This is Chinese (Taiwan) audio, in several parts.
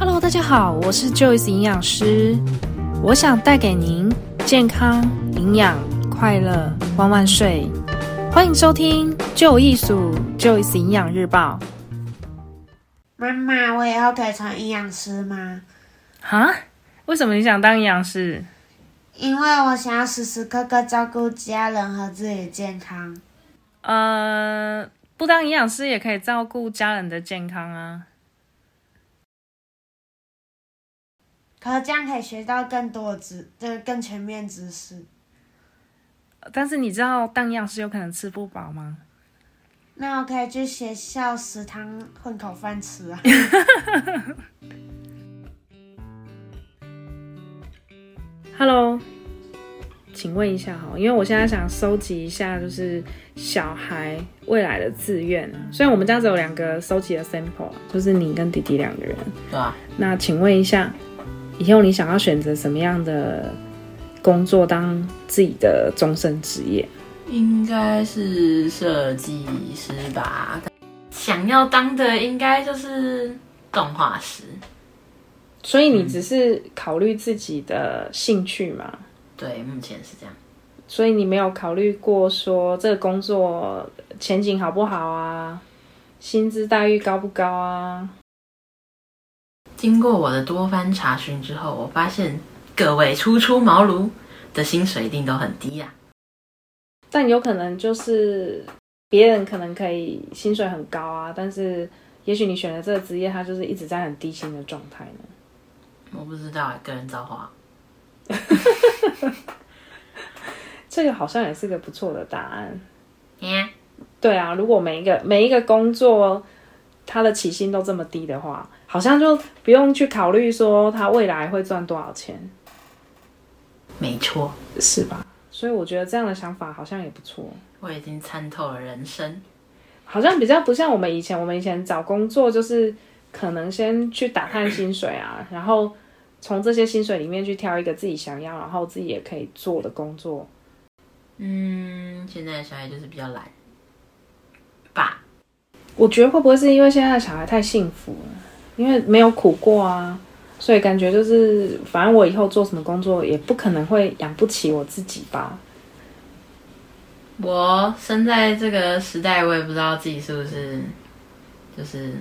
Hello，大家好，我是 Joyce 營養師，我想帶給您健康、營養、快樂，萬萬歲！歡迎收聽《就有意思 Joyce 營養日報》。媽媽，我以後可以成營養師嗎？啊？為什麼你想當營養師？因為我想要時時刻刻照顧家人和自己的健康。呃，不當營養師也可以照顧家人的健康啊。可這樣可以學到更多的知，就是更全面知識。但是你知道營養師有可能吃不飽嗎？那我可以去學校食堂混口飯吃啊。 Hello，請問一下哈，因為我現在想收集一下就是小孩未來的志願，雖然我們這樣子有兩個收集的 sample，就是你跟弟弟兩個人。對、啊、那請問一下。以後你想要選擇什麼樣的工作當自己的終身職業？應該是設計師吧。想要當的應該就是動畫師。所以你只是考慮自己的興趣嗎、嗯？對，目前是這樣。所以你沒有考慮過說這個工作前景好不好啊？薪資待遇高不高啊？經過我的多番查詢之後，我發現各位初出茅廬的薪水一定都很低呀啊。但有可能就是別人可能可以薪水很高啊，但是也許你選的這個職業，它就是一直在很低薪的狀態呢。我不知道，個人造化。 這個好像也是個不錯的答案。對啊，如果每一個每一個工作，它的起薪都這麼低的話。好像就不用去考慮說他未來會賺多少錢，沒錯，是吧？所以我覺得這樣的想法好像也不錯。我已經參透了人生，好像比較不像我們以前，我們以前找工作就是可能先去打探薪水啊，然後從這些薪水裡面去挑一個自己想要，然後自己也可以做的工作。嗯，現在的小孩就是比較懶吧？我覺得會不會是因為現在的小孩太幸福了？因為沒有苦過啊，所以感覺就是，反正我以後做什麼工作，也不可能會養不起我自己吧。我生在這個時代，我也不知道自己是不是，就是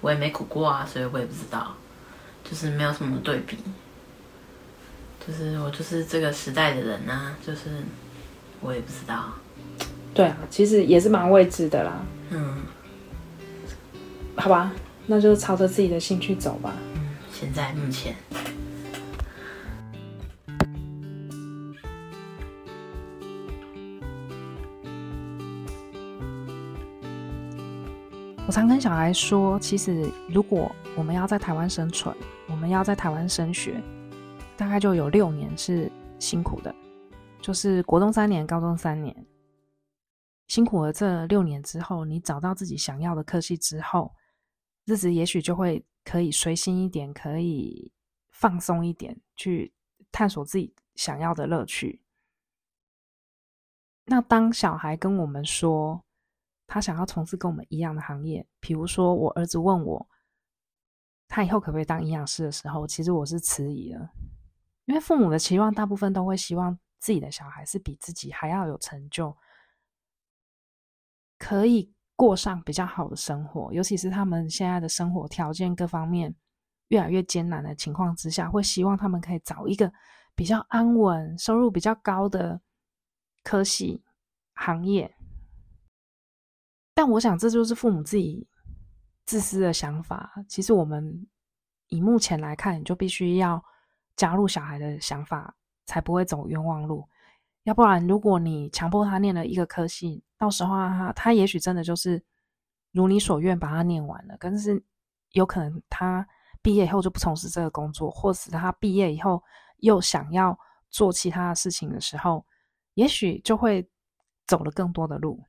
我也沒苦過啊，所以我也不知道，就是沒有什麼對比。就是我就是這個時代的人啊，就是我也不知道。對啊，其實也是蠻未知的啦。嗯，好吧。那就朝着自己的心去走吧。嗯，現在目前，我常跟小孩說，其實如果我們要在台灣生存，我們要在台灣升學，大概就有六年是辛苦的，就是國中三年、高中三年。辛苦了這六年之後，你找到自己想要的科系之後。日子也許就會可以隨心一點，可以放鬆一點，去探索自己想要的樂趣。那當小孩跟我們說他想要從事跟我們一樣的行業，譬如說我兒子問我他以後可不可以當營養師的時候，其實我是遲疑了，因為父母的期望大部分都會希望自己的小孩是比自己還要有成就，可以。過上比較好的生活，尤其是他們現在的生活條件各方面越來越艱難的情況之下，會希望他們可以找一個比較安穩、收入比較高的科系行業。但我想這就是父母自己自私的想法。其實我們以目前來看，就必須要加入小孩的想法，才不會走冤枉路。要不然，如果你強迫他念了一個科系，到時候他他也許真的就是如你所願把他念完了，但是有可能他畢業以後就不從事這個工作，或是他畢業以後又想要做其他的事情的時候，也許就會走了更多的路。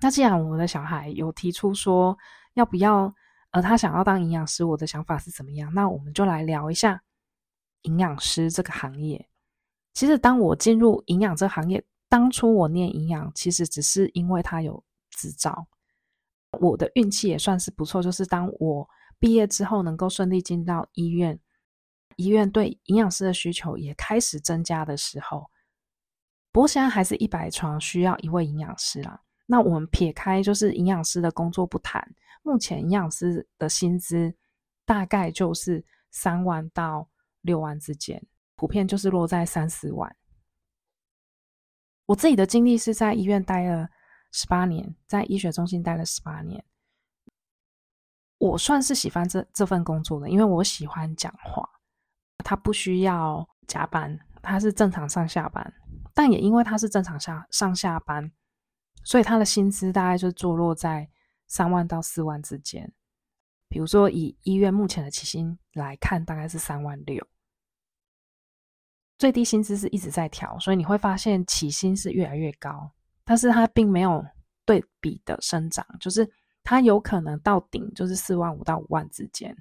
那既然我們的小孩有提出說要不要，呃，他想要當營養師，我的想法是怎麼樣？那我們就來聊一下營養師這個行業。其實當我進入營養這行業。當初我念營養，其實只是因為它有執照。我的運氣也算是不錯，就是當我畢業之後能夠順利進到醫院，醫院對營養師的需求也開始增加的時候。不過現在還是一百床需要一位營養師啦。那我們撇開就是營養師的工作不談，目前營養師的薪資大概就是三萬到六萬之間，普遍就是落在三四萬。我自己的經歷是在醫院待了十八年，在醫學中心待了十八年。我算是喜歡這這份工作的，因為我喜歡講話。他不需要加班，他是正常上下班。但也因為他是正常下上下班，所以他的薪資大概就坐落在三萬到四萬之間。比如說，以醫院目前的起薪來看，大概是三萬六。最低薪資是一直在調，所以你會發現起薪是越來越高，但是它並沒有對比的生長，就是它有可能到頂就是四萬五到五萬之間，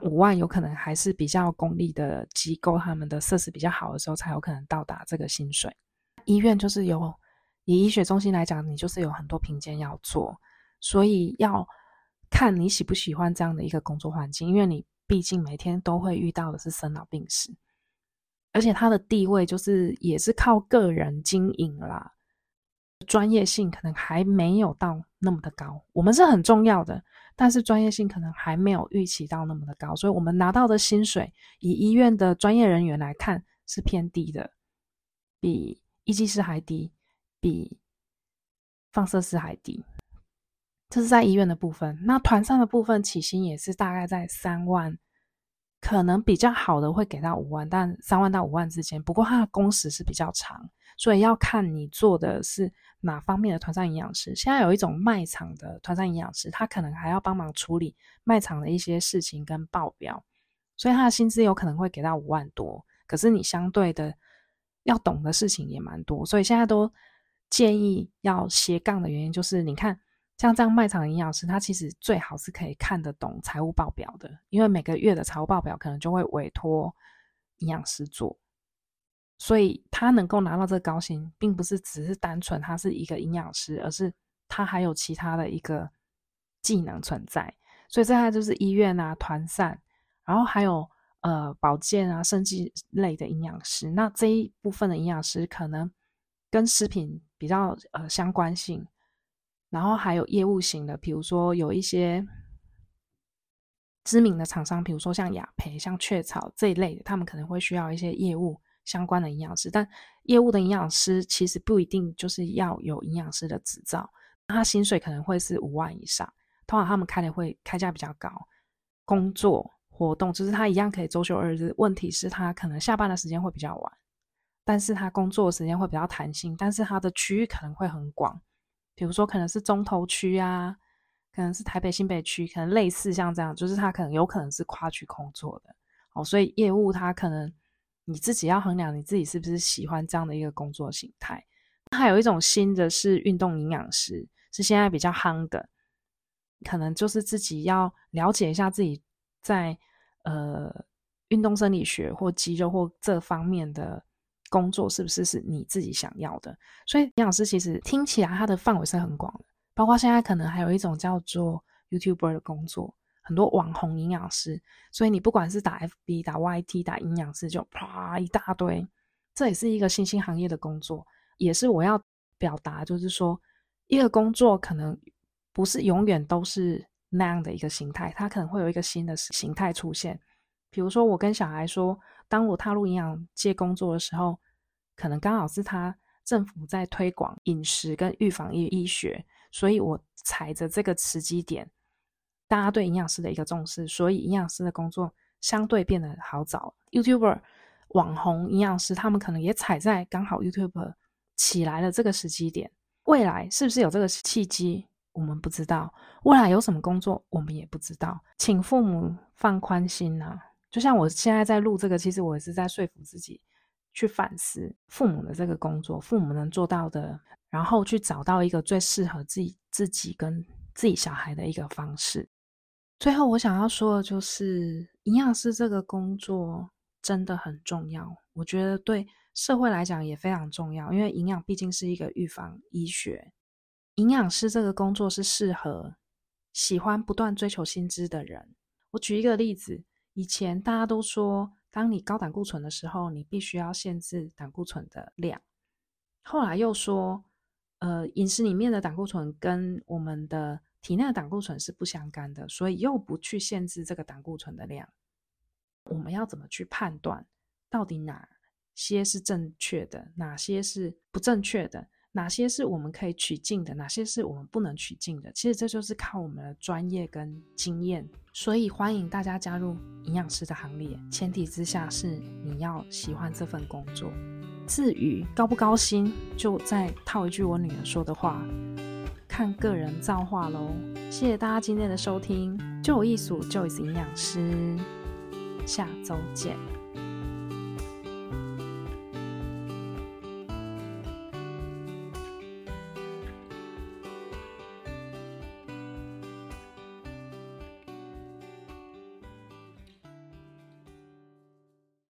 五萬有可能還是比較公立的機構，他們的設施比較好的時候才有可能到達這個薪水。醫院就是有，以醫學中心來講，你就是有很多評鑑要做，所以要看你喜不喜歡這樣的一個工作環境，因為你畢竟每天都會遇到的是生老病死。而且他的地位就是也是靠個人經營啦，專業性可能還沒有到那麼的高。我們是很重要的，但是專業性可能還沒有預期到那麼的高，所以我們拿到的薪水，以醫院的專業人員來看是偏低的，比醫技師還低，比放射師還低。這是在醫院的部分，那團膳的部分起薪也是大概在三萬。可能比較好的會給到五萬，但三萬到五萬之間。不過他的工時是比較長，所以要看你做的是哪方面的團膳營養師。現在有一種賣場的團膳營養師，他可能還要幫忙處理賣場的一些事情跟報表，所以他的薪資有可能會給到五萬多。可是你相對的要懂的事情也蠻多，所以現在都建議要斜槓的原因就是你看。像這樣賣場的營養師，他其實最好是可以看得懂財務報表的，因為每個月的財務報表可能就會委託營養師做，所以他能夠拿到這個高薪，並不是只是單純他是一個營養師，而是他還有其他的一個技能存在。所以再就是醫院啊、團膳，然後還有呃保健啊、生技類的營養師，那這一部分的營養師可能跟食品比較呃相關性。然後還有業務型的，比如說有一些知名的廠商，比如說像雅培、像雀巢這一類的，他們可能會需要一些業務相關的營養師。但業務的營養師其實不一定就是要有營養師的執照，他薪水可能會是五萬以上。通常他們開的會開價比較高，工作活動就是他一樣可以周休二日。問題是，他可能下班的時間會比較晚，但是他工作時間會比較彈性，但是他的區域可能會很廣。比如說可能是中投區啊，可能是台北新北區，可能類似像這樣，就是它可能有可能是跨區工作的哦，所以業務，它可能你自己要衡量你自己是不是喜歡這樣的一個工作形態。還有一種新的是運動營養師，是現在比較夯的，可能就是自己要了解一下自己在呃運動生理學或肌肉或這方面的。工作是不是是你自己想要的？所以營養師其實聽起來它的範圍是很廣的，包括現在可能還有一種叫做 YouTuber 的工作，很多網紅營養師。所以你不管是打 FB、打 YT、打營養師，就啪一大堆，這也是一個新興行業的工作。也是我要表達，就是說一個工作可能不是永遠都是那樣的一個形態，它可能會有一個新的形態出現。比如說我跟小孩說。當我踏入營養界工作的時候，可能剛好是他政府在推廣飲食跟預防醫醫學，所以我踩着這個時機點，大家對營養師的一個重視，所以營養師的工作相對變得好找。YouTuber 網紅營養師，他們可能也踩在剛好 YouTuber 起來了這個時機點。未來是不是有這個契機，我們不知道；未來有什麼工作，我們也不知道。請父母放寬心吶啊。就像我現在在錄這個，其實我也是在說服自己去反思父母的這個工作，父母能做到的，然後去找到一個最適合自己、自己跟自己小孩的一個方式。最後，我想要說的就是，營養師這個工作真的很重要，我覺得對社會來講也非常重要，因為營養畢竟是一個預防醫學。營養師這個工作是適合喜歡不斷追求新知的人。我舉一個例子。以前大家都說，當你高膽固醇的時候，你必須要限制膽固醇的量。後來又說，呃，飲食裡面的膽固醇跟我們的體內的膽固醇是不相干的，所以又不去限制這個膽固醇的量。我們要怎麼去判斷，到底哪些是正確的，哪些是不正確的？哪些是我們可以取經的，哪些是我們不能取經的？其實這就是靠我們的專業跟經驗。所以歡迎大家加入營養師的行列，前提之下是你要喜歡這份工作。至於高不高薪，就再套一句我女兒說的話：看個人造化嘍。謝謝大家今天的收聽，就有意思，Joyce 營養師，下週見。